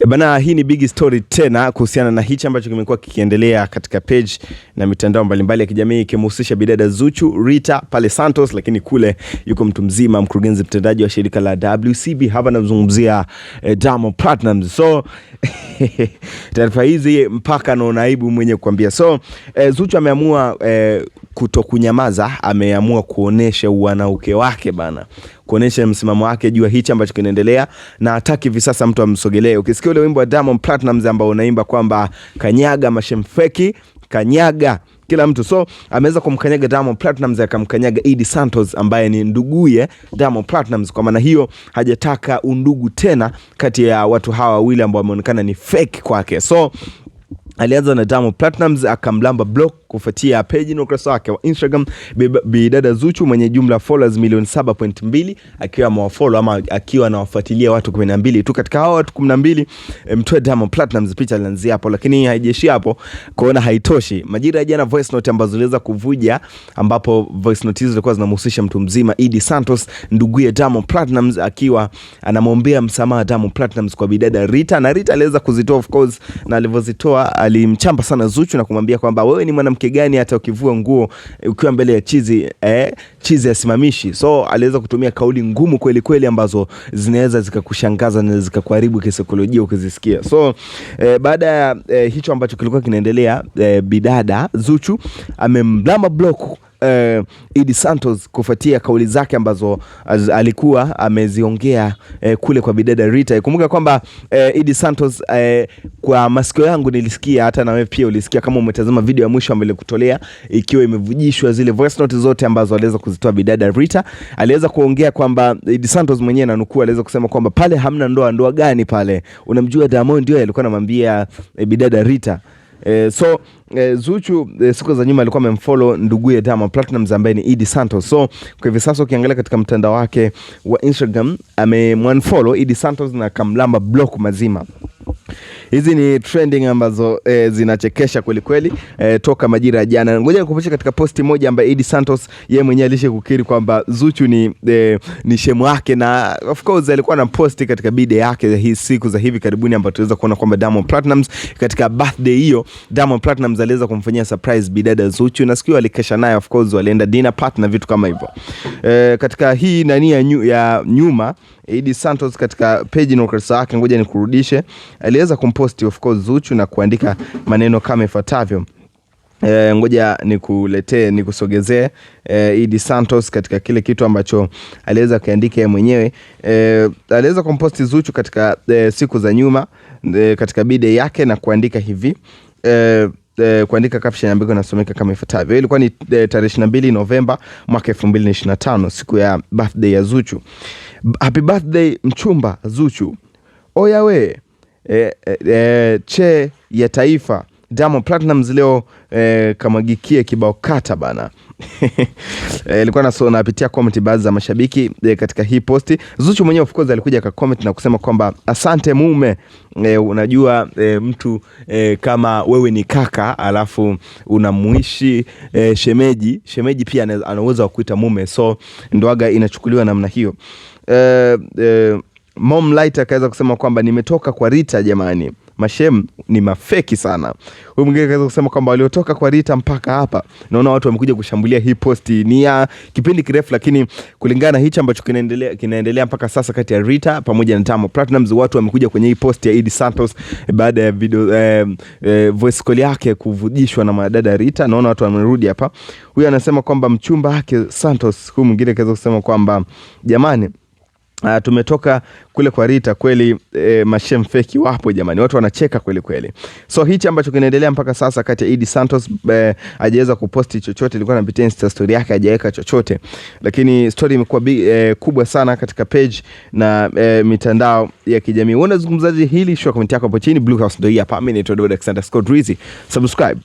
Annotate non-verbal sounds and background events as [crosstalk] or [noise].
Eh, bana, hii ni big story tena kuhusiana na hichi ambacho kimekuwa kikiendelea katika page na mitandao mbalimbali ya kijamii ikimhusisha bidada Zuchu, Rita pale Santos, lakini kule yuko mtu mzima, mkurugenzi mtendaji wa shirika la WCB. Hapa namzungumzia eh, Diamond Platnumz. So [laughs] taarifa hizi mpaka naona aibu mwenye kukwambia. So eh, Zuchu ameamua eh, kutokunyamaza, ameamua kuonesha uwanauke wake bana kuonesha msimamo wake juu ya hichi ambacho kinaendelea, na hataki hivi sasa mtu amsogelee. Ukisikia ule wimbo wa Diamond Platnumz ambao unaimba kwamba kanyaga mashemfeki kanyaga kila mtu so ameweza kumkanyaga Diamond Platnumz, akamkanyaga Edi Santos ambaye ni nduguye Diamond Platnumz. Kwa maana hiyo hajataka undugu tena kati ya watu hawa wawili ambao wameonekana ni fake kwake, so alianza na Diamond Platnumz akamlamba block kufuatia peji na ukurasa wake wa Instagram bidada Zuchu mwenye jumla followers milioni 7.2 akiwa amewafollow ama akiwa anawafuatilia watu 12 tu. Katika hao watu 12 mtoe Diamond Platnumz, picha linaanzia hapo, lakini haijeshi hapo, kuona haitoshi. Majira ya jana voice note ambazo ziliweza kuvuja, ambapo voice note hizo zilikuwa zinamhusisha mtu mzima Idi Santos, nduguye Diamond Platnumz, akiwa anamwombea msamaha Diamond Platnumz kwa bidada Rita, na Rita aliweza kuzitoa of course, na alivyozitoa alimchamba sana Zuchu na kumwambia kwamba wewe ni mwanamke yake gani, hata ukivua nguo eh, ukiwa mbele ya chizi eh, chizi asimamishi. So aliweza kutumia kauli ngumu kweli kweli ambazo zinaweza zikakushangaza na zikakuharibu kisaikolojia ukizisikia. So eh, baada ya eh, hicho ambacho kilikuwa kinaendelea eh, bidada Zuchu amemlama bloku eh, Idi Santos kufuatia kauli zake ambazo az, alikuwa ameziongea eh, kule kwa bidada Rita. Kumbuka kwamba eh, Idi Santos eh, kwa masikio yangu nilisikia, hata na wewe pia ulisikia kama umetazama video ya mwisho ambayo nilikutolea, ikiwa imevujishwa zile voice note zote ambazo aliweza kuzitoa bidada Rita. Aliweza kuongea kwamba Idi Santos mwenyewe nanukuu, aliweza kusema kwamba pale hamna ndoa, ndoa gani pale? Unamjua Diamond ndio alikuwa anamwambia eh, bidada Rita eh, so eh, Zuchu eh, siku za nyuma alikuwa amemfollow nduguye Diamond Platnumz ambaye ni Idi Santos. So kwa hivi sasa ukiangalia katika mtandao wake wa Instagram amemwanfollow Idi Santos na kamlamba block mazima. Hizi ni trending ambazo eh, zinachekesha kweli kweli eh, toka majira ya jana. Ngoja nikupeshe katika posti moja ambayo Edi Santos yeye mwenyewe alishe kukiri kwamba Zuchu ni, eh, ni shemu yake na of course alikuwa na posti katika bide yake hii siku za hivi karibuni, ambapo tuweza kuona kwamba Diamond Platnumz katika birthday hiyo Diamond Platnumz aliweza kumfanyia surprise bidada Zuchu, na sikio alikesha naye, of course walienda dinner party na vitu kama hivyo eh, katika hii nani ya, ya nyuma Edi Santos katika page na ukurasa wake, ngoja nikurudishe, aliweza kumpost of course Zuchu na kuandika maneno kama ifuatavyo. E, ngoja nikuletee nikusogezee eh, e, Idi Santos katika kile kitu ambacho aliweza kuandika yeye mwenyewe e, aliweza kumpost Zuchu katika e, siku za nyuma e, katika bide yake na kuandika hivi e, E, kuandika caption ambayo inasomeka kama ifuatavyo. Ilikuwa ni e, tarehe 22 Novemba mwaka 2025 siku ya birthday ya Zuchu. Happy birthday mchumba Zuchu. Oya we e, e, che ya taifa Diamond Platnumz leo e, kamagikie kibao kata bana. [laughs] Ilikuwa e, napitia comment baadhi za mashabiki e, katika hii posti. Zuchu mwenyewe of course alikuja ka comment na kusema kwamba asante mume e, unajua e, mtu e, kama wewe ni kaka alafu unamuishi e, shemeji shemeji pia ana uwezo wa kuita mume, so ndoaga inachukuliwa namna hiyo eh, eh, Mom Light akaweza kusema kwamba nimetoka kwa Rita jamani, mashem ni mafeki sana. Huyu mwingine akaweza kusema kwamba waliotoka kwa Rita mpaka hapa, naona watu wamekuja kushambulia hii posti. Ni ya kipindi kirefu, lakini kulingana na hichi ambacho kinaendelea kinaendelea mpaka sasa kati ya Rita pamoja na Tamo Platinumz, watu wamekuja kwenye hii posti ya Idi Santos eh, baada ya video eh, eh, voice call yake kuvujishwa na madada Rita. Naona watu wamerudi hapa. Huyu anasema kwamba mchumba wake Santos. Huyu mwingine akaweza kusema kwamba jamani Uh, tumetoka kule kwa Rita kweli. E, mashem feki wapo jamani, watu wanacheka kweli kweli. So hichi ambacho kinaendelea mpaka sasa kati ya Edi Santos e, hajaweza kuposti chochote, ilikuwa anapitia insta story yake, hajaweka chochote, lakini story imekuwa e, kubwa sana katika page na e, mitandao ya kijamii. Unazungumzaje hili? Shua comment yako hapo chini. Blue House ndio hapa, mimi ni Todd Alexander Scott Rizzi, subscribe.